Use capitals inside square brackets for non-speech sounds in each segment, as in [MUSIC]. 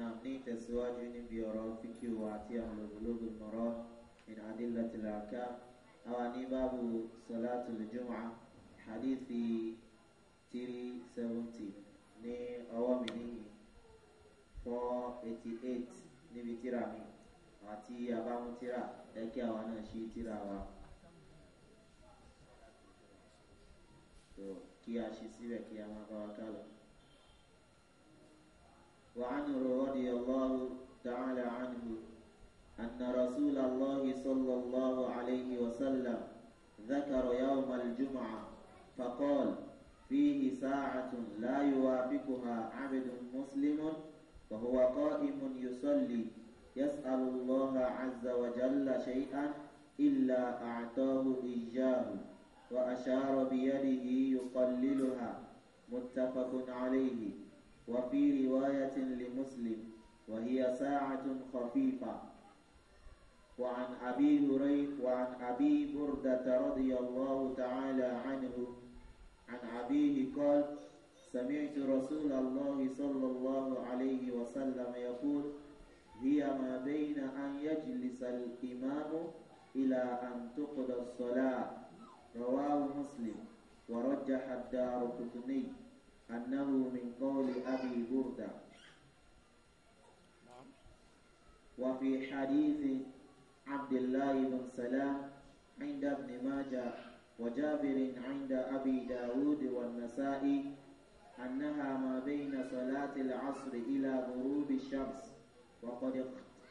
náà ní ìtẹ̀síwájú níbi ọ̀rọ̀ fíkìú àti àwọn olóògbé mọ̀rọ̀ min adillatil ahkam àwa ní báàbù salatul jumu'ah hadithi three seventy ní ọwọ́ mi níyì four eighty eight níbi tíra mi àti abámútíra ẹ̀kẹ́ àwa náà ṣí tíra wa. kí a ṣe síbẹ̀ kí a máa bá wa ká lọ. وعنه رضي الله تعالى عنه أن رسول الله صلى الله عليه وسلم ذكر يوم الجمعة فقال فيه ساعة لا يوافقها عبد مسلم وهو قائم يصلي يسأل الله عز وجل شيئا إلا أعطاه إياه وأشار بيده يقللها متفق عليه وفي رواية لمسلم وهي ساعة خفيفة وعن أبي هريرة وعن أبي بردة رضي الله تعالى عنه عن أبيه قال سمعت رسول الله صلى الله عليه وسلم يقول هي ما بين أن يجلس الإمام إلى أن تقضى الصلاة رواه مسلم ورجح الدار قطني أنه من قول أبي بردة نعم. وفي حديث عبد الله بن سلام عند ابن ماجه وجابر عند أبي داود والنسائي أنها ما بين صلاة العصر إلى غروب الشمس وقد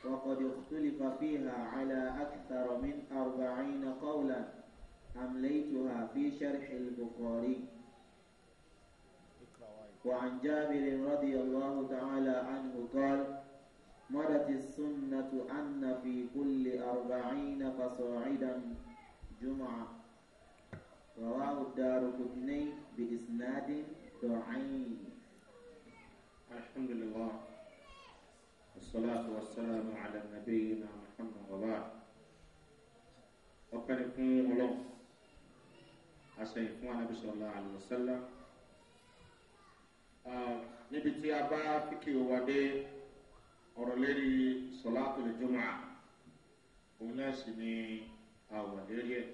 وقد اختلف فيها على أكثر من أربعين قولا أمليتها في شرح البخاري وعن جابر رضي الله تعالى عنه قال مرت السنة أن في كل أربعين فصاعدا جمعة رواه الدار قطني بإسناد ضعيف الحمد لله والصلاة والسلام على نبينا محمد وبعد وكان يكون الله أسعي النبي صلى الله عليه وسلم níbi tí a bá fíkì wa dé ọ̀rọ̀ lérí sọ̀látò lè jọmọ́ à òun náà sì ni àwọ̀ lérí ẹ̀.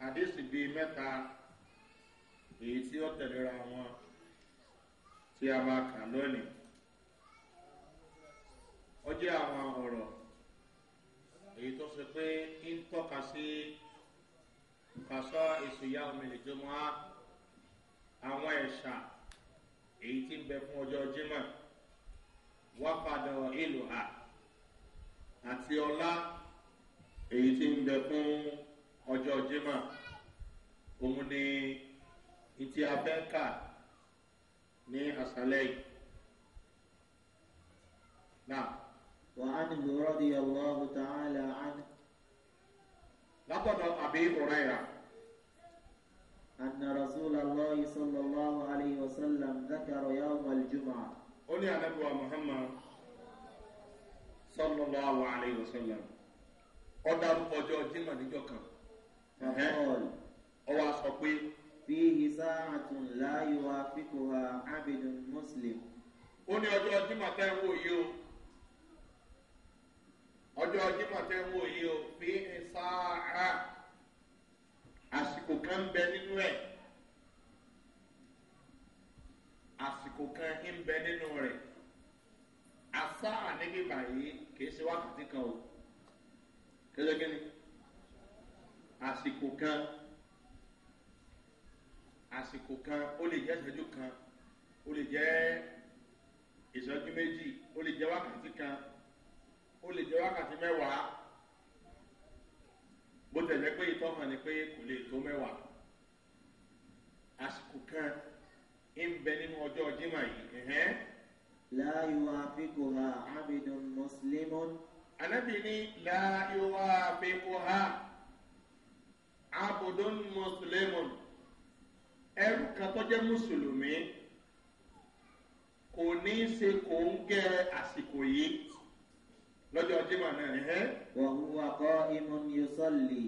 hadith bíi mẹ́ta èyí tí ó tẹ̀léra wọn tí a máa kà lónìí ó jẹ́ àwọn ọ̀rọ̀ èyí tó ṣe pé ń tọ́ka sí kàṣọ èsì omi lè àwọn ẹ̀ṣà èyí tí ń bẹ fún ọjọ́ jimá wá padà ìlú ha àti ọlá èyí tí ń bẹ fún ọjọ́ jimá òun ni ìtì abẹ́ńkà ní àṣálẹ́ yìí. نعم وعنه رضي الله تعالى عنه لقد أبي هريرة أن رسول الله صلى الله عليه وسلم ذكر يوم الجمعة أولي نبوة محمد صلى الله عليه وسلم قدر قجو جمع نجوكا فقال أو أصحبي فيه ساعة لا يوافقها عبد مسلم أولي أجو جمع تنوو يو أجو جمع تنوو يو فيه ساعة àsìkò kan ń bẹ nínú ẹ̀ àsìkò kan ń bẹ nínú rẹ̀ asá àníbí báyìí kìí ṣe wákàtí kan o kẹlẹ́gẹ́ ni àsìkò kan àsìkò kan ó lè jẹ́ ìṣẹ́jú kan ó lè jẹ́ ìṣẹ́jú méjì ó lè jẹ́ wákàtí kan ó lè jẹ́ wákàtí mẹ́wàá bó tẹ̀lé pé ìtọ́hàn ni pé kò lè tó mẹ́wàá àsìkò kan ń bẹ nínú ọjọ́ jimá yìí. láàyò àfikò ha abidun muslimun. anábì ní láàyò àfikò ha abidun muslimun ẹrù kan tó jẹ́ mùsùlùmí kò ní í ṣe kò ń gẹ àsìkò yìí lọ́jọ́ jimá náà ni ẹ́. wà wúwa kọ́ imú ni o sọ́ọ̀lì.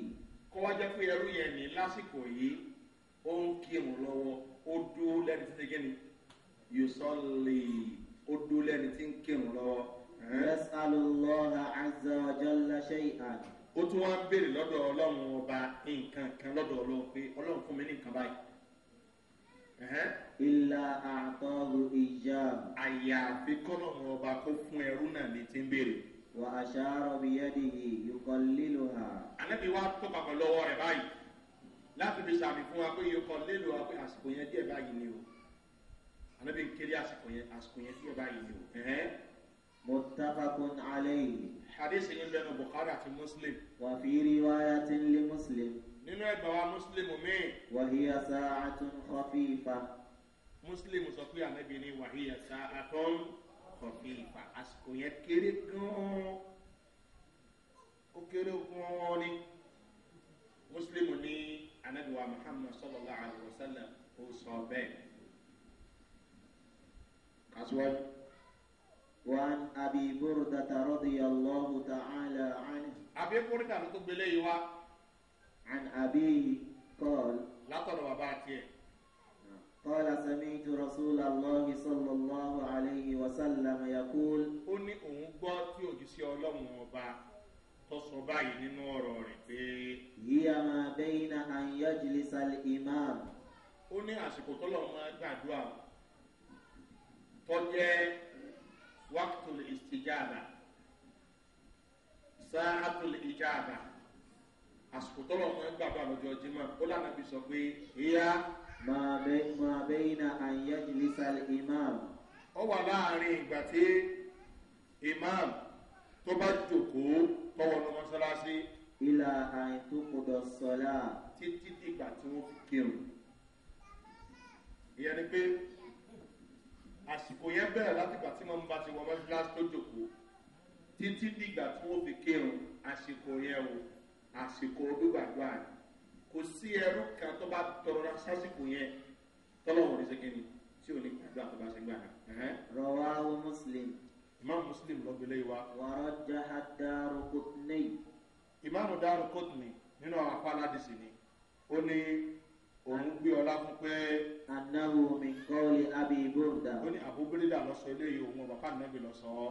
kó wá jẹ́ pé ẹrú yẹn ní lásìkò yìí ó ń kírun lọ́wọ́ ó dúró lẹ́ni tí ń ṣe kíni yóò sọ́ọ̀lì ó dúró lẹ́ni tí ń kírun lọ́wọ́. yasalulọ́ha azawajalla ṣẹ́yàn. ó tún wá ń béèrè lọ́dọ̀ ọlọ́run ọba nǹkan kan lọ́dọ̀ ọlọ́run pé ọlọ́run fún mi ní nǹkan báyìí ilà àtọ́lu ìyá. àyàfi kọ́lọ́mù ọba kó fún ẹrú náà ní ti ń béèrè wà aṣáárọ̀ bí yẹ́dìhì yókọ̀ lílo ha. àlẹ́bí wa tó papọ̀ lọ́wọ́ rẹ̀ báyìí láti fi sàmì fún wa pé yókọ̀ lílo wa pé àsìkò yẹn díẹ̀ báyìí ni o àlẹ́bí ń kéré àsìkò yẹn àsìkò yẹn díẹ̀ báyìí ni o. mutafakun alayhi. hadith yìí ń bẹnu bukhari àti muslim. wà fi riwaya ti muslim. nínú ẹgbàá wa muslim mi. wàhíyà sáà tún kọfí muslim sọ pé àlẹ́bí ni wàhíyà sáà tún kọfí ìfà àsìkò yẹn kéré gan-an ó kéré gan-an ni muslim ní anabiwa muhammad sallallahu alayhi wa sallam ó sọ bẹ́ẹ̀ kásíwájú. وعن أبي بردة رضي الله تعالى عنه أبي بردة رضي الله عنه عن أبي قال لا ترى باتيه قال سمعت رسول الله صلى الله عليه وسلم يقول ó ní òun gbọ́ tí òjíṣẹ́ ọlọ́run ọba tó sọ báyìí nínú ọ̀rọ̀ rẹ̀ pé. yíya máa bẹ́yìnà àyájìlì sálẹ̀ imam. ó ní àsìkò tọ́lọ̀ máa gbàdúrà tọ́jẹ́ wákìtìlì ìsìjáàbà sáàtìlì ìjáàbà àsìkò tọ́lọ̀ máa gbàdúrà lọ́jọ́ jimá ó lànà bí sọ pé ìyá ma bẹ́yìnà àyẹ́ ìlísàlẹ̀ imam. ó wà láàrin ìgbà tí imam tó bá jòkóó tọwọ́ ní mọ́ṣáláṣí. ìlà àìtó kọ̀dọ̀ sọ́lá. títí dìgbà tí wọ́n fi kírun. ìyẹn ni pé àsìkò yẹn bẹ̀rẹ̀ láti ìgbà tí mo ń bá ti wọ mọ́ṣáláṣí tó jòkóó títí dìgbà tí wọ́n fi kírun àsìkò yẹn o àsìkò gbígbàdúrà ni kò sí ẹrú kan tó bá tọrọ sásìkò yẹn tọ́lọ́wọ̀n ní sẹ́kẹ́ni tí ò ní gbàdúrà tó bá ṣe gbà náà. rọwá o muslim. imam muslim ló gbélé wa. wàrà jaha dàrú kòtùnì. imam dàrú kòtùnì nínú àwọn afá aládìsí ni ó ní òun gbé ọlá fún pé. anáwó mi kọ́ ilé abiy bóńdà. ó ní àbúgbélé dà eléyìí òun ọ̀bàkà nàbì lọ́sọ̀ọ́.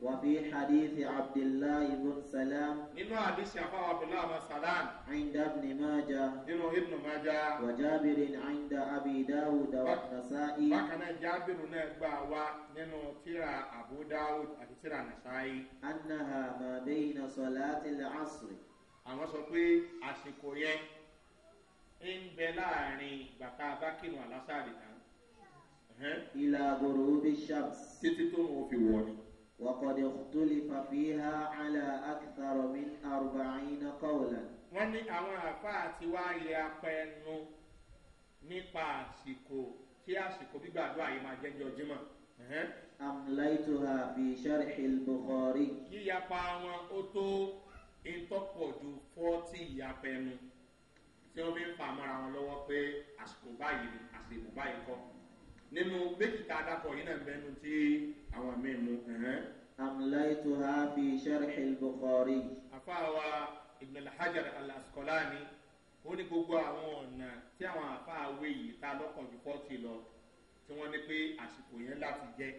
وفي حديث عبد الله بن سلام نينو حديث ابا عبد الله بن سلام عند ابن ماجه نينو ابن ماجه وجابر عند ابي داود والنسائي وكان جابر نبا وا نينو تيرا ابو داود ابي تيرا النسائي ما بين صلاة العصر أما sọ pé àsìkò yẹn ń bẹ ولا bàtà إلى غروب náà. ìlà àbòrò ó وقد اختلف فيها على أكثر من أربعين قولا wọ́n ní àwọn àfáà ti wá ilẹ̀ apẹnu nípa àsìkò tí àsìkò gbígbàdúrà yìí máa jẹ́jọ́ jímọ̀. amlaituha fi sharhi al-bukhari. yíyapa wọn ó tó ìtọ́pọ̀ ju fọ́tì ìyapẹnu tí wọ́n fi ń fa àmọ́ra wọn lọ́wọ́ pé àsìkò báyìí ni àsìkò báyìí kọ́ nínú méjì tá a dákọ̀ yìí náà bẹ́ẹ̀ nu tí àwọn míì mu. amlaitu ha fi sharhi bukhari. àfàwà ibn al-hajar al-asqalani ó ní gbogbo àwọn ọ̀nà tí àwọn àfàwé yìí ta lọ́kàn ju lọ tí wọ́n ní pé àsìkò yẹn láti jẹ́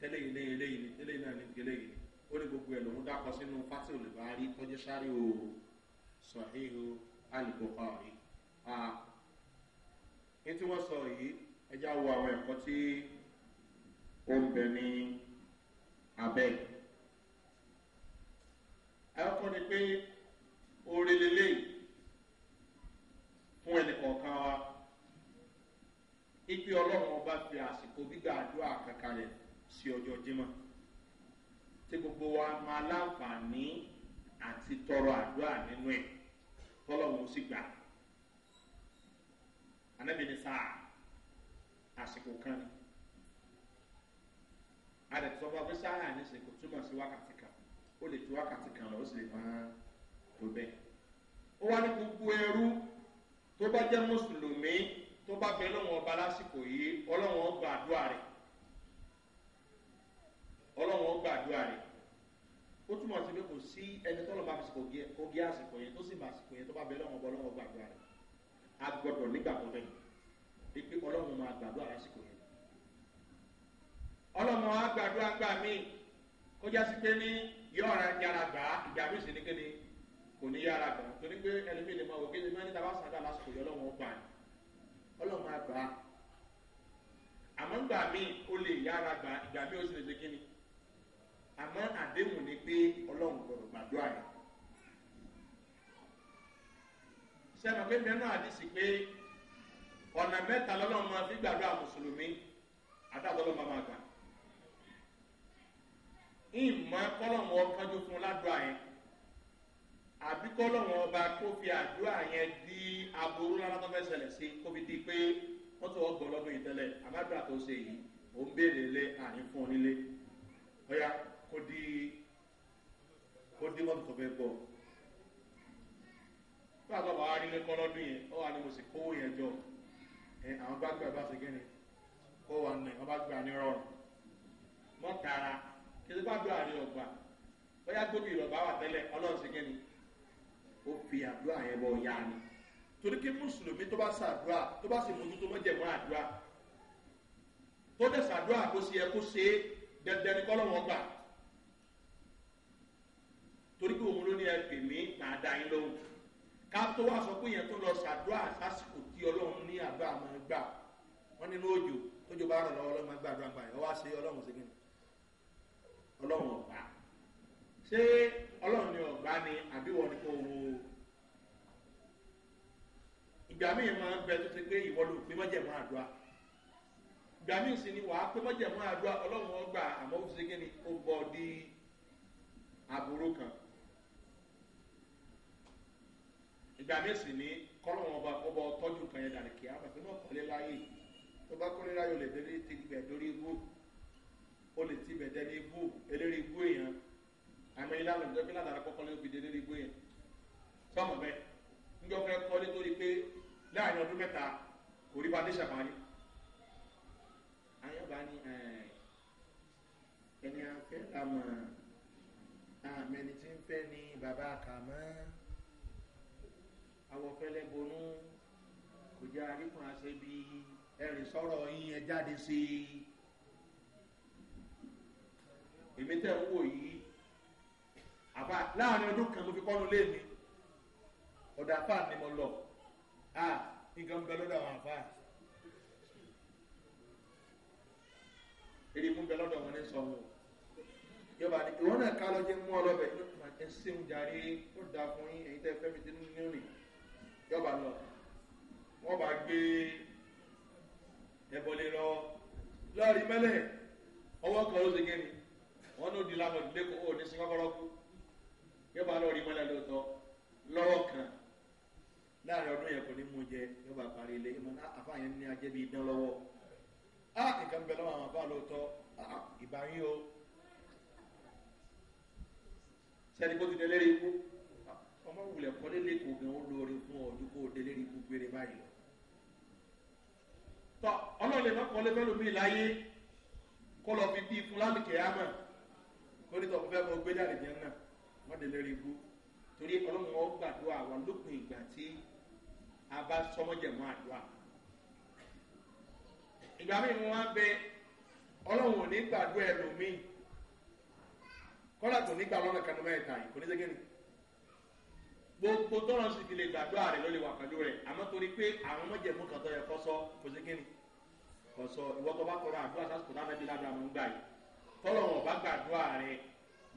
tẹ́lẹ̀ yìí lẹ́yìn lẹ́yìn ni tẹ́lẹ̀ yìí náà ní gẹ́lẹ́ yìí ni ó ní gbogbo ẹ̀ lòún dákọ̀ sínú fásitì olùbárí tọ́jú sáré o sọ̀hí o alìbọ̀kọ̀ rí. ní tí wọ́n sọ yìí ẹjá wo àwọn ẹ̀kọ́ tí ó ń bẹ ní abẹ́. ẹ̀kọ́ ni pé orí lélẹ́yìn fún ẹnì kọ̀ọ̀kan wa ipe ọlọ́run ọba fi àsìkò gbígbà àdúrà kankan rẹ̀ sí ọjọ́ jimá tí gbogbo wa máa láǹfààní àti tọrọ àdúrà nínú ẹ̀ tọ́lọ́run ó sì gbà. anábìíní sáà àsìkò kan ni adẹ̀tí sọ́kọ́ pé sáyà ní ṣe kò túmọ̀ sí wákàtí kan ó lè ju wákàtí kan lọ ó sì lè máa tó bẹ́ẹ̀. ó wá ní gbogbo ẹrú tó bá jẹ́ mùsùlùmí tó bá bẹ lọ́wọ́ ọba lásìkò yìí ọlọ́wọ́ gbàdúrà rẹ̀ ọlọ́wọ́ gbàdúrà rẹ̀ ó túmọ̀ sí pé kò sí ẹni tọ́lọ́ bá fi kò gé àsìkò yẹn tó sì bá àsìkò yẹn tó bá bẹ lọ́wọ́ ọba ọlọ́wọ́ gbàdúrà rẹ̀ agbọ́dọ̀ nígbàgbọ́ bẹ́ẹ̀ ipe ọlọ́run máa gbàdúrà lásìkò yẹn ọlọ́run máa gbàdúrà gbà mí kó jásí pé ní yọ̀ọ̀ra yàrá gbà ìgbà mí sì ní kéde kò ní yàrá gbà torí pé ẹlẹ́mìí lè máa wò kéde máa ní tàbá sàdúrà lásìkò yẹn ọlọ́run gbà ní ọlọ́run máa gbà àmọ́ gbà mí ó lè yàrá gbà ìgbà mí ó sì lè ṣe kíni àmọ́ àdéhùn ni pé ọlọ́run gbọdọ̀ gbàdúrà yẹn sẹ́nu pé mẹ́nu àdìsí pé ọ̀nà mẹ́ta lọ́lọ́run máa fi gbàdúrà mùsùlùmí àtàtọ́lọ́ máa máa gbà ìmọ̀ kọ́lọ́run ọkànjú fún ládùá yẹn àbí kọ́lọ́run ọba kó fi àdúrà yẹn di aburú lára tó fẹ́ ṣẹlẹ̀ sí kó fi di pé wọ́n tó ọgbọ̀n lọ́dún yìí tẹ́lẹ̀ àbádùá tó ṣe yìí ò ń béèrè lé àní fún ọ nílé ọ̀yà kó di kó di mọ́tò tó fẹ́ bọ̀ fún àgbàbọ̀ wa rí lé yẹn ó wà ní mo sì kówó yẹn jọ àwọn gbàgbà bá ṣe kíni ó wà nù wọn bá gbà ní rọrùn mọ́tara kìtì bá gbà ní ọgbà bóyá gbóbi ìrọ̀bá wà tẹ́lẹ̀ ọlọ́run ṣe kíni ó fi àdúrà yẹn bọ̀ ya ni torí kí mùsùlùmí tó bá ṣàdúrà tó bá sì mójútó mọ́jẹ̀mọ́ àdúrà tó dẹ̀ ṣàdúrà kó ṣe yẹ kó ṣe é dandan ní kọ́lọ́wọ́ gbà torí kí òun ló ní ẹ pè mí màá dá yín lóhùn ká tó wá sọ pé yẹn tó lọ ṣàdúrà lásìkò tí ọlọ́run ní àdúrà máa gbà wọ́n nínú òjò tójò bá rọ̀ lọ́wọ́ ọlọ́run máa gbàdúrà gbà yẹn wá sí ọlọ́run sí kíni ọlọ́run ọ̀gbà ṣé ọlọ́run ni ọ̀gbà ni àbíwọ̀ ni kò wo ìgbà míì máa ń bẹ tó ṣe pé ìwọ ló pé mọ́jẹ̀mọ́ àdúrà ìgbà míì sì ni wàá pé mọ́jẹ̀mọ́ àdúrà ọlọ́run ọgbà àmọ́ ó ti ṣe kíni ó bọ̀ di àbúrò kan ìgbà mẹ́sìn ní kọ́lọ́wọ́n ọba ọba ọtọ́jú kan yẹn dàrí kíá bàtí wọ́n kọ́lé láyé tó bá kọ́lé láyé o lè délé ti dórí igbó o lè ti bẹ̀ dẹ́ni igbó eléré igbó èèyàn àmọ́ ìlànà ìjọba ìlànà àrà kọ́kọ́ ló fi délé igbó yẹn sọ́mọ̀ bẹ́ẹ̀ níjọ́ fẹ́ kọ́lé tó rí pé láàrin ọdún mẹ́ta kò rí bá dé ṣàfàní ayọ́ba ni ẹni afẹ́ àmọ́ àmẹ́ni tí ń fẹ́ ni bàbá àkàmọ́ kẹlẹ bonú kò jẹ àríkùn àṣẹ bí ẹrìn sọrọ yín ẹ jáde sí i èmi tẹ ń wò yìí àbá láàrin ọdún kan mo fi kọ́nu lé mi ọ̀dà àfà ni mo lọ à nǹkan ń bẹ lọ́dọ̀ àwọn àfà èrè mú bẹ lọ́dọ̀ wọn ní sọ yọba ìwọ náà ká lọ jẹ mú ọ lọbẹ ẹ ṣeun jàre ó da fún yín èyí tẹ fẹmi tẹ nínú ní òní yọba náà wọ́n bá gbé ẹ̀bọ̀lẹ̀ lọ lọ́ọ̀rí mẹ́lẹ̀ ọwọ́ kan ló ṣe gé ni wọ́n ló di lámọ̀ ìdílé kó o ní sin kọ́kọ́rọ́ kú yọba lọ́ọ̀rí mẹ́lẹ̀ lóòótọ́ lọ́wọ́ kan láàrin ọdún yẹn kò ní mú jẹ yọba parí ilé ìmọ̀ náà àfààyàn ní ajẹ́ bíi dán lọ́wọ́ á nǹkan bẹ lọ́wọ́ àwọn àbá lóòótọ́ ìbáyín o sẹ́ni kó ti délé ikú bá wulẹ̀ kọ́lé lẹ́kọ̀ọ́ gan ó lóore fún ọ ju kó o délé rí gbogbo eré báyìí lọ. tọ́ ọlọ́ọ̀lẹ̀ má kọ́lé fẹ́ lómi láyé kó lọ fi bíi fún lálùkẹ́ àmọ́ lórí tó fẹ́ mọ gbé dàrí jẹun náà wọ́n délé rí gbó torí ọlọ́run wọn gbàdúrà wa lópin ìgbà tí a bá sọmọ́jẹ̀mọ́ àdúrà. ìgbà míì wọn á bẹ ọlọ́run ò ní gbàdúrà ẹlòmíì kọ́lá kò ní gbà lọ́nà kanú mẹ́ta yìí kò ní sẹ́gẹ́rì gbogbo tọrọ sì ti lè gbàdúrà rẹ ló lè wà pẹ̀lú rẹ àmọ́ torí pé àwọn mọ̀jẹ̀mú kan tó yẹ kọ́ sọ kò sí kíni kò sọ ìwọ tó bá tọrọ àdúrà sásìkò náà nàbí ládùúrà mọ̀ ń gbà yìí tọ́lọ̀ wọn bá gbàdúrà rẹ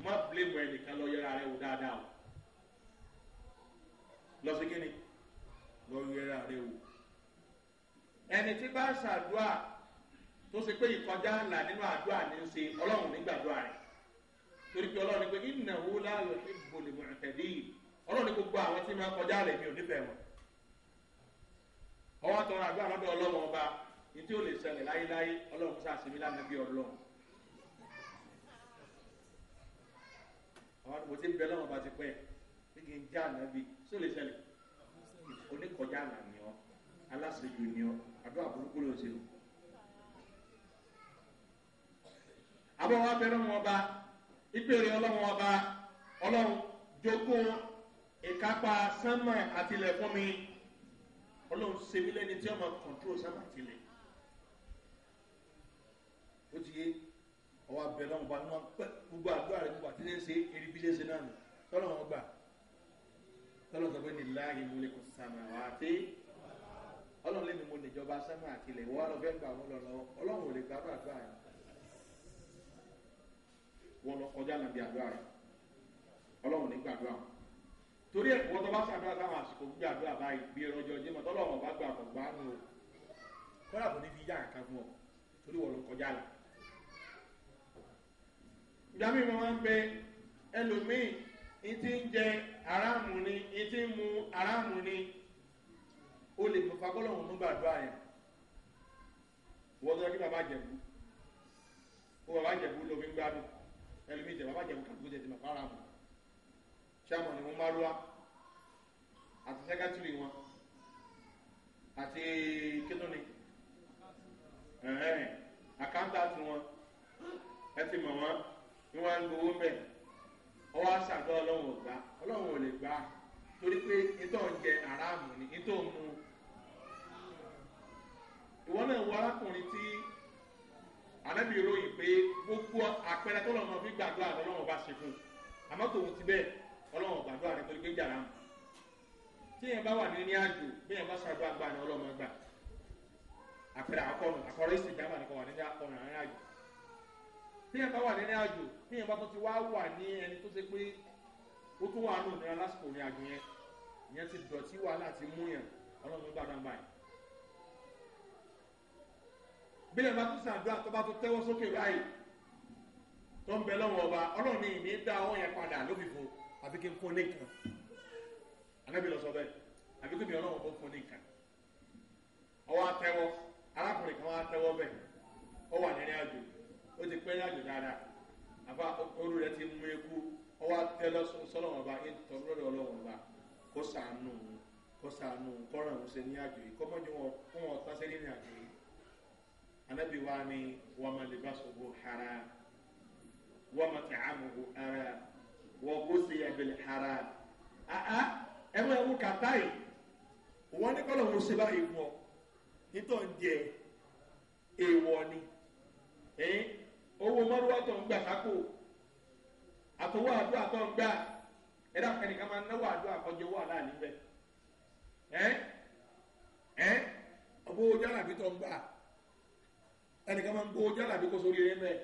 má bílẹ̀mù ẹnìkan lọ yẹra rẹ wò dáadáa o lọ lọ yẹra rẹ wò ẹni tí bá ṣàdúrà tó ṣe pé ìkọjá ńlá nínú àdúrà ní ṣe ọlọ́run nígbàdúrà rẹ torí pé ọlọ́run ní pé ìnáwó láàyò ọlọ́run ní gbogbo àwọn tí máa kọjá rẹ̀ mi ò nífẹ̀ẹ́ wọn. ọwọ́ tọrọ àgbà lọ́dọ̀ ọlọ́run ọba ní tí ó lè ṣẹlẹ̀ láyéláyé ọlọ́run sáà sí mi lánàá bí ọlọ́run. àwọn àdúgbò tí ń bẹ lọ́wọ́ bá ti pẹ́ kí n já ànábì sí ó lè ṣẹlẹ̀ oníkọjá àlàní ọ aláṣejù ni ọ àdúrà burúkú ló ṣe o. àbọ̀ wa ọba ìpèrè ọlọ́run ọba ọlọ́run jogún ìkápá sánmà àtìlẹ̀ fún mi ọlọ́run ṣe mí lẹ́ni tí ọmọ kọ̀ǹtúrò sánmà àtìlẹ̀ ó ti yé ọwọ́ abẹ náà bá wọn pẹ́ gbogbo àdúrà rẹ gbogbo àti ní ṣe eré bí léṣe náà nù tọ́lọ̀ wọn gbà tọ́lọ̀ sọ pé ní láàyè mo lè kó sàmà wá dé ọlọ́run lè mi mo lè jọba sánmà àtìlẹ̀ wọ́n lọ fẹ́ gbà wọ́n lọ lọ́wọ́ ọlọ́run ò lè gbà àdúrà yẹn wọ́n lọ kọjá nàbí àdúrà rẹ ọlọ́run ò ní gbàdúrà wọn torí ẹ̀ wọ́n tó bá ṣàdúrà táwọn àsìkò gbígbà àdúrà báyìí bí ẹrọjọ jẹ́ mọ́ bá gbà kọ̀ gbà nù kọ́lá kò ní fi yá kankan fún ọ torí wọ́n ló kọjá la. ìjà mi máa ń bẹ ẹlòmíì ní ti ń jẹ aráàmù ni ní ti ń mu aráàmù ni o lè mú fagbọ́lọ́hún nígbà àdúrà yẹn wọ́n tó kí bàbá jẹ̀bú ó bàbá jẹ̀bú lómi gbádùn ẹlòmíì jẹ̀ bàbá jẹ̀bú kàdúgbò jẹ̀ chairman wọn bá rúwa àti secretary wọn àti kíndùnì àkántàtì wọn ẹ ti mọ̀ wọ́n ní wọ́n á ń o mbẹ́ ọwọ́ àṣàgbọ́ ọlọ́run ò gbà o ò lè gbà torí pé ìtọ́ ń jẹ àràmù ni ìtọ́ ń mu ìwọ náà wọ arákùnrin tí anábìròyìn pé gbogbo àpẹẹrẹ tó lọ́mọ fi gbàdúrà lọ́wọ́ bá ṣe fún un àmọ́ tòun ti bẹ́ẹ̀ ọlọ́run gbàdúrà rẹ pé gbé jàrá mu tí yẹn bá wà ní ní àjò bí yẹn bá sàdúrà gbà ní ọlọ́run gbà àpẹẹrẹ àkọrùn àkọrọ ìsìn jábà nìkan wà ní àkọrùn àárín àjò tí yẹn bá wà ní ní àjò tí yẹn bá tó ti wá wà ní ẹni tó ṣe pé ó tún wà nù nira lásìkò ní àjò yẹn ìyẹn ti dọ̀tí wàhálà ti mú yẹn ọlọ́run gbàdúrà gbà yẹn bílẹ̀ bá tún sàdúrà tó bá tún tẹ́wọ́ sókè báyìí tó ń bẹ lọ́wọ́ ọba ọlọ́run ní ìní dá ọwọ́ yẹn padà lóbi fún un. àfi kí n fún ní nǹkan anábì lọ sọ bẹ́ẹ̀ àfi kí mi ọlọ́run kó fún ní nǹkan wà nínú àjò ó ti pẹ́ ní àjò dáadáa àbá olú rẹ ti mú eku ọwọ́ atẹ́ lọ́sọ̀lọ́wọ́n ọba ẹ̀ tọ́ lọ́dọ̀ ọlọ́wọ́n ọba kó ìbílẹ̀ haram ẹ mọ ẹwú kàtá yìí wọn ní kọ́ lọ́wọ́ ṣe báyìí fún ọ nítorí díẹ̀ èèwọ̀ ni owó mọ́rúwá tó ń gbà sákò àtọwọ́ àdúrà tó ń gbà ẹ dákun ẹnìkan máa ń náwó àdúrà kọjọ owó àlá níbẹ̀ ẹ ẹ ọgbọ́n owó jálàbí tó ń gbà ẹnìkan máa ń gbọ́ owó jálàbí kó sórí rẹ mẹ́ẹ̀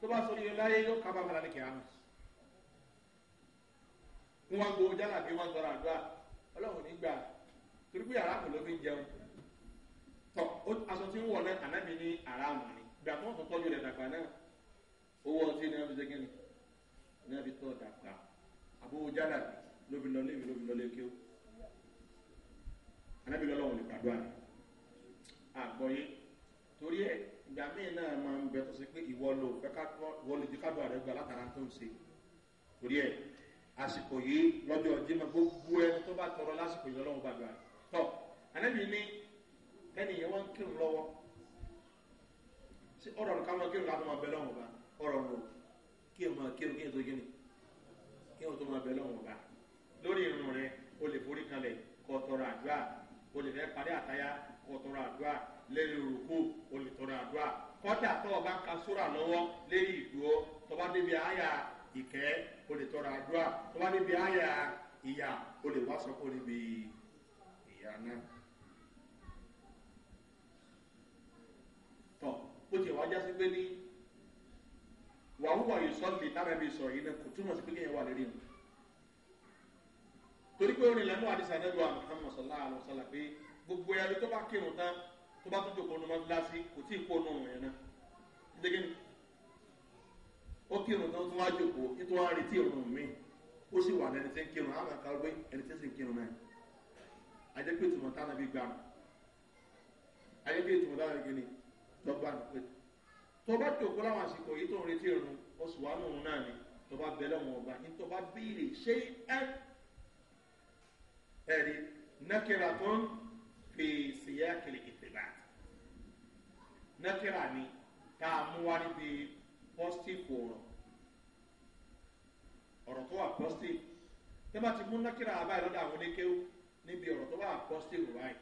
tó bá sórí rẹ láyé yóò kábàámọ̀ lálẹ́ kìámọ̀ wọ́n wá gbowó jálà bí wọ́n tọrọ àdúrà ọlọ́run nígbà torí pé aráàmù ló fi ń jẹun tọ aṣọ tí ń wọ̀ náà ànábì ní aráàmù ni gbà tó wọ́n tó tọ́jú rẹ̀ dàgbà náà owó ọtí ní wọ́n fi ṣégin ni ní wọ́n fi tọ́ dàgbà àbówó jálà ló fi lọ lébi ló fi lọ lé kéwò ànábì lọ́lọ́run lè gbàdúrà ni àgbọ̀yé torí ẹ̀ ìgbà míì náà máa ń bẹ tó ṣe pé ìwọ lò fẹ́ ká wọlé ti ká àsìkò yìí lọ́jọ́ jimá gbogbo ẹni tó bá tọrọ lásìkò yìí lọ́wọ́ gbàgbà tọ́ ànábì ní ẹnìyẹn wọ́n ń kírun lọ́wọ́ sí ọ̀rọ̀ nǹkan máa kírun láti máa bẹ lọ́wọ́ bá ọ̀rọ̀ nù kí ẹ máa kírun kí ẹ tó gíni kí ẹ tó máa bẹ lọ́wọ́ bá lórí irun rẹ o lè forí kalẹ̀ kọ tọrọ àdúrà o lè fẹ́ parí àtayá kọ tọrọ àdúrà lẹ́yìn òrùkú o lè tọrọ àdúrà kọ́tà tó bá ka sóra lọ́wọ́ lẹ́yìn ìdúró tó débi àyà ìkẹ́ o lè tọrọ àdúrà tó bá níbi àyà ìyà o lè wá sọ́kò níbi ìyà náà. tọ́ bó ti wá jásí pé ní wàhùwà yìí sọ́ọ̀lì tára ibi sọ̀rọ̀ yìí náà kò túmọ̀ sí pé kéèyàn wà lérí wọn. torí pé orin lẹ́nu àdìsá nẹ́dọ̀ àmì hàn sọ̀lá àlọ́ sọ̀lá pé gbogbo ẹni tó bá kírun tán tó bá tó jòkó ọ̀nà máa ń kò tí ì kó ọ̀nà ọ̀rọ̀ náà ó kírun tó tún wá jòkó nítorí wọn á retí ìrùn mi ó sì wà lẹni tí ń kírun àwọn kan wé ẹni tí ń sì kírun náà ajẹ́ pé ìtumọ̀ táwọn ẹbí gbà ajẹ́ pé ìtumọ̀ táwọn ẹbí ni lọ́gbà ní pé tó bá jòkó láwọn àsìkò yìí tó ń retí ìrùn oṣù wa nù náà ni tó bá bẹ̀rẹ̀ wọn ọgbà ní tó bá béèrè ṣé ẹ ẹ̀rí nàkìrà tó ń fèsì yá kìlìkìtì bá nàkìrà ni tá a mú wá níbi positive òòrùn ọ̀rọ̀ tó wà positive tẹ́ bá ti mú nákìrà àbáyé lọ́dọ̀ àwọn oníkéwú níbi ọ̀rọ̀ tó wà positive báyìí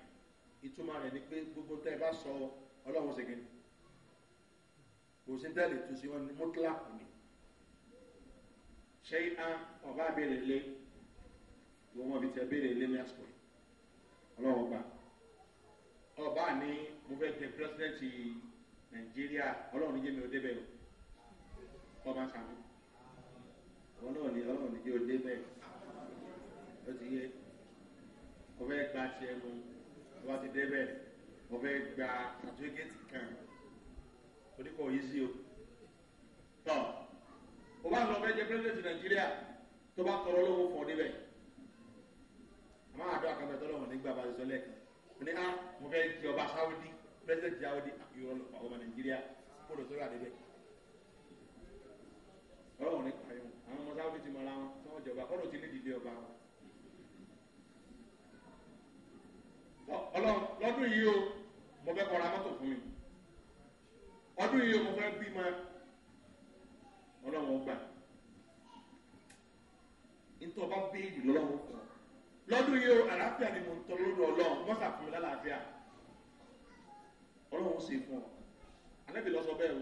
ìtumọ̀ rẹ̀ ni pé gbogbo tẹ́ ẹ bá sọ ọlọ́run ṣègbè ni kò sí tẹ́lẹ̀ tó sí wọn ní mọ́tílà kù ni ṣé á ọba abẹ́rẹ́ lé wọ́n mọ̀ bí tẹ́ abẹ́rẹ́ lé ní àsìkò yìí ọlọ́run gbà ọba ní mo fẹ́ jẹ pírẹsidẹ́ǹtì nàìjíríà ọlọ́run jẹ́ mi ò débẹ̀ o kọ́ bá sàmú àwọn náà ní ọlọ́run ní yóò dé bẹ́ẹ̀ ó ti yé ọbẹ̀ gba tiẹ̀ mu ọba ti dé bẹ́ẹ̀ ọbẹ̀ gba sàtúwékẹ́tì kan oníkọ̀ yìí sí o tọ́ ọba àti ọbẹ̀ jẹ́ pírẹ́sidẹ̀ntì nàìjíríà tó bá tọrọ lọ́wọ́ fọ́ níbẹ̀ àmọ́ àdó àkàbẹ̀ tọ́lọ́wọ́ nígbà bá ti sọ lẹ́ẹ̀kan mo ní a ah, mo fẹ́ di ọba sáwọ́dí pírẹ́sidẹ̀ntì sáwọ́dí ìrọ̀lọ́pàá ọba nàìjíríà kó lọ sórí àdébẹ̀ ara wọn tí wọ́n jọba kọ́dọ̀ ti ní ìdílé ọba wọn. ọlọ́run lọ́dún yìí o mo fẹ́ kọ́ra mọ́tò fún mi ọdún yìí o mo fẹ́ bí ma ọlọ́run gbà nítorí ọba béèrè lọ́wọ́ kan lọ́dún yìí o àlàáfíà ni mo ń tọ́ lọ́dún ọlọ́run mọ́sà fún mi lálàáfíà ọlọ́run ṣe fún ọ anábì lọ sọ bẹ́ẹ̀ o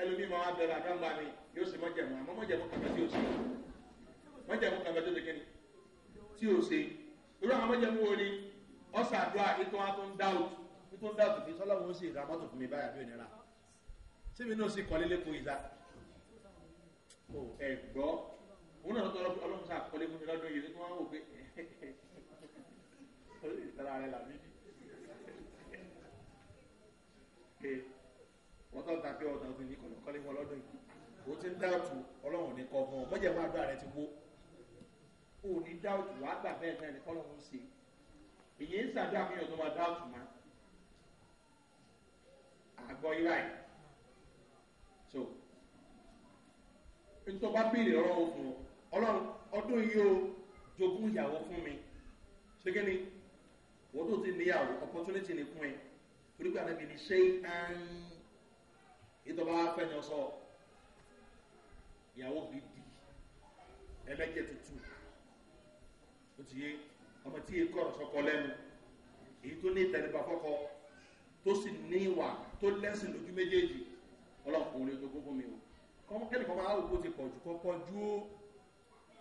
ẹlòmíì máa wá bẹ̀rẹ̀ àdáńgbà mi yóò sì mọ́ jẹ̀mọ́ àmọ́ mọ́ jẹ̀mọ́ kàkà tí yóò sì mọ́ mọ́jàmú kan bẹ tó ti kẹ́ni tí o ṣe irú àwọn mọ́jàmú wo ni ọ̀sà àdúrà ètò wọn tó ń dáwùtù ètò ń dáwùtù fi sọ́lá wọn ó sì ra mọ́tò fún mi báyà bí òní ra síbi náà sì kọ́lé lẹ́kọ̀ọ́ ìdá ẹ̀ gbọ́ òun náà tọrọ ọlọ́run sáà kọ́lé fún mi lọ́dún yìí tó wọ́n wò pé [LAUGHS] ìtara rẹ̀ làbí [LAUGHS] wọ́n tọ́ ta pé ọ̀dọ̀ ọdún yìí kọ́lé fún ọlọ́dún yìí ó ti ń dáàtú ọlọ́run ní kọ́ fún ọ òní dáùtù wàá gbà bẹ́ẹ̀ náà ní kọ́lọ́ ń ṣe èyí ń sàdúrà fún yàn tó máa dáùtù mọ́ àgọ́ irá ẹ̀ so nítorí bá béèrè ọlọ́run fún ọ ọlọ́run ọdún yìí ó jogún ìyàwó fún mi ṣé kí ni wọ́n tó ti níyàwó opportunity ni fún ẹ torí pé àdébí ni ṣé ń ìtọ́ba fẹ́yàn sọ ìyàwó gidi ẹlẹ́jẹ̀ tuntun ó ti yé ọmọ tí èyí kọ̀rọ̀ sọkọ lẹ́nu èyí tó ní ìtẹ̀lẹ́bà fọ́kọ tó sì ní ìwà tó lẹ́sìn lójú méjèèjì ọlọ́pàá olè jogún fún mi o kọ́mọ kẹ́lẹ̀ kọ́mọ àwòkó ti pọ̀jù kọ́kọ́ ju ó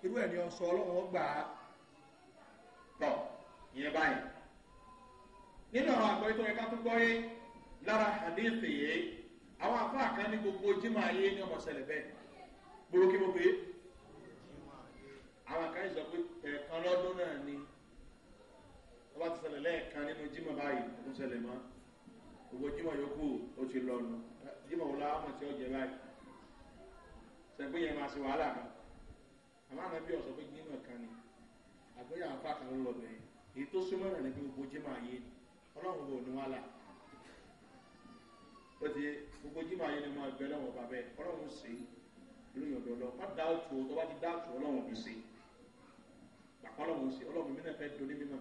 irú ẹ̀ ní ọsọ ọlọ́run gbà á tọ̀ ìyẹn báyìí nínú àwọn àgbọ̀ ètò ẹ̀ka tó gbọ́ yé lára àdéhùn yé àwọn afá kan ní gbogbo jimá yé ní ọmọ sẹlẹ̀ bẹ́ẹ̀ gbogbo kí mo pè àwọn kan yìí sọ pé ẹ̀ẹ̀kan lọ́dún náà ni wọ́n bá ti sẹlẹ̀ lẹ́ẹ̀kan nínú jímọ̀ báyìí ọdún sẹlẹ̀ mọ́ gbogbo jímọ̀ yòókù ó ti lọ́nu jímọ̀ wò láwọn ọmọ tí ó jẹ báyìí sẹ́gbẹ́ yẹn máa ṣe wàhálà kan àmọ́ àná bí ọ̀sọ̀ pé jímọ̀ kan ni àgbéyà àfa kan ló lọ bẹ̀rẹ̀ èyí tó súnmọ́ náà ni pé gbogbo jímọ̀ ayé ọlọ́run wò ní wàhálà ó ti gbogbo jímọ̀ ayé ni wọ́n bẹ lọ́wọ́ bàbẹ́ ọlọ́run sí ìlú ìyọ̀dọ̀ lọ má dáàtò tó bá ti dáàtò ọlọ́run kì sí i àpọ́lọ́wọ́ ṣe ọlọ́run mi náà fẹ́ doni mímọ́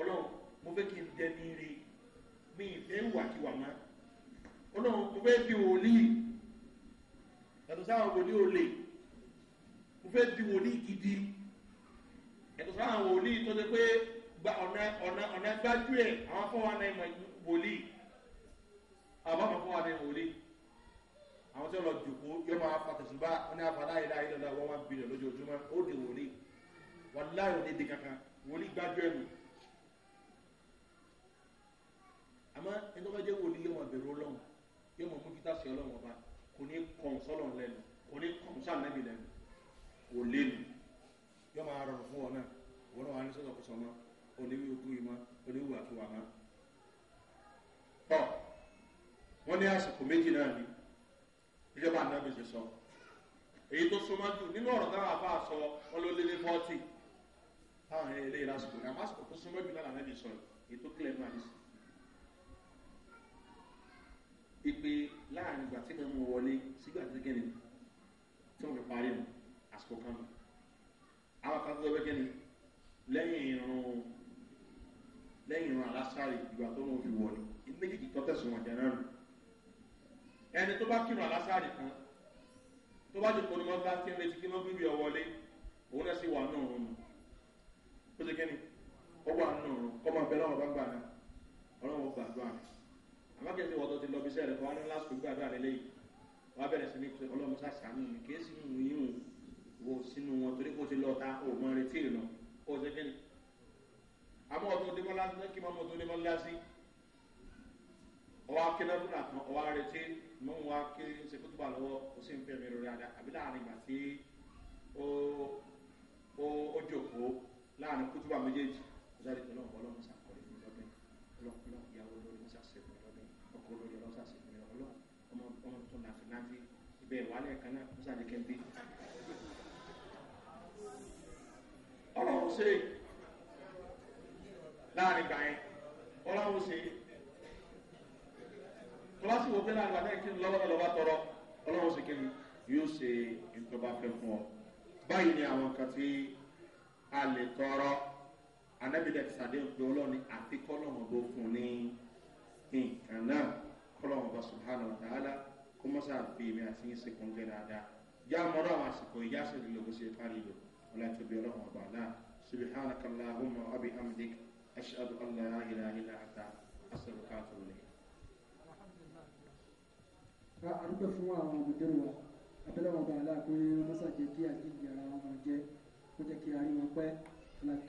ọlọ́run mo fẹ́ kí n dẹni rí mi ìfẹ́ wàkiwà má ọlọ́run mo fẹ́ di wòlíì yàtọ̀ sáwọn wòlíì olè mo fẹ́ di wòlíì gidi yàtọ̀ sáwọn wòlíì tó ṣe pé gba ọ̀nà ọ̀nà ọ̀nà gbájú ẹ̀ àwọn fọwọ́ náà ìmọ̀ wòlíì àwọn ọmọ fọwọ́ náà wòlíì àwọn tí wọn lọ jòkó yọ máa fa tẹ̀sùn bá wọn ní àfàdá ìlà ìlọ̀lá wọn wá bìlẹ̀ lójoojúmọ́ ó di wòlíì wàláyò ní èdè kankan wòlíì gbájú ẹnu àmọ́ ẹni tó bá jẹ́ wòlíì yóò mọ̀ bẹ̀rù ọlọ́run yóò mọ̀ fún kíta sí ọlọ́run ọba kò ní kàn sọ́lọ́run lẹ́nu kò ní kàn sànẹ́bì lẹ́nu kò lẹ́nu yóò máa rọrùn fún ọ náà wọn náà wà ní sọ́sọ́ kọsọ́ mọ́ oníwì ogún yìí mọ́ oníwì àtúwà mọ́. tọ́ wọ́n ní àsìkò méjì náà ni ìjọba àná èyí tó súnmọ́ jù nínú ọ̀rọ̀ táwọn àbá sọ wọn fọ́tì táwọn ẹyẹ eléyìí lásìkò ní àmásìkò tó súnmọ́ jù lánàá níbi sọ̀rọ̀ ètò kílẹ̀ náà ní sí. ìpè láàrin ìgbà tí mo wọlé sígbà tí kẹ́ni tí wọ́n fi parí nù àsìkò kan nù. àwọn kan tó lọ kẹ́ni lẹ́yìn irun lẹ́yìn irun alásàrè ìgbà tó lọ́wọ́ fi wọlé méjèèjì tó tẹ̀sùn wọn jẹ náà nù. ẹni tó bá kírun alásàrè kan tó bá jòkó ni wọ́n bá kírun létí kí wọ́n gbé ìwé ọwọ́lé òun náà sì wà náà òun nù ó ṣe kíni ó wà nínú ọ̀run kọ́ máa bẹ lọ́wọ́ bá gbà náà ọlọ́wọ́ gbàdúrà rẹ̀ àmọ́kẹ́sì wọ́tọ́ ti lọ bí sẹ́rẹ̀ kọ́ wá ní lásìkò gbàdúrà rẹ̀ lẹ́yìn wọ́n abẹ́rẹ́ sí ní ọlọ́run sàṣàánú mi kì í sì ń yín wo sínú wọn torí kó ti lọ ta ò mọ retí ìrìnà ó ṣe kíni àmọ́ ọ̀tún ní mọ́lá ní kí mọ́mọ́ tó ní mọ́lá sí ọwọ́ akínà lónà kan ọwọ́ retí mọ́ wọn kí n ṣe kótó bá lọ́wọ́ ó sì ń fẹ́ mi rọrẹ́ àdá àbí láàrin ìgbà tí ó ó ó jòkó láàrin kútúbà méjèèjì ọ̀sáré ọlọ́run ọlọ́run sàkọlẹ̀ fún ọlọ́bẹ̀ ọlọ́run ìyàwó lórí sàṣẹ fún ọlọ́bẹ̀ ọkọ̀ lórí ọlọ́run sàṣẹ fún ọlọ́run ọmọ ọmọ tó nàfi nàfi ibẹ̀ wàhálẹ̀ kan náà ó sàdé kẹ́ńté. ọlọ́run ṣe láàrin gbà yẹn ọlọ́run ṣe tọ́lásì wo pé láàrin gbà náà kí n lọ́wọ́ lọ́wọ́ tọrọ ọlọ́run ṣe kí n yóò ṣe nǹkan bá fẹ́ fún ọ báyìí ni àwọn kan ti a lè tọrọ anábìdẹ ti sàdéhùn pé ọlọ́ni àfi kọ́lọ́hún bó fún ní nǹkan náà kọ́lọ́hún bá subhanahu wa ta'ala kó mọ́sá fi mi àti yín sí kúnjẹ́ dáadáa já mọ́rọ́ àwọn àsìkò ìyá sí ìlòkó sí ìparí lò ọ̀la tóbi ọlọ́run ọba náà subhanaka allahumma wa bihamdik ashhadu an la ilaha illa anta astaghfiruka wa atubu a dúpẹ́ fún àwọn ọmọdé wa abẹ́lẹ́wọ̀n bàálà pé wọ́n mọ́sàjẹ́ kí àjíǹde ara wọn jẹ́ kó jẹ́ kí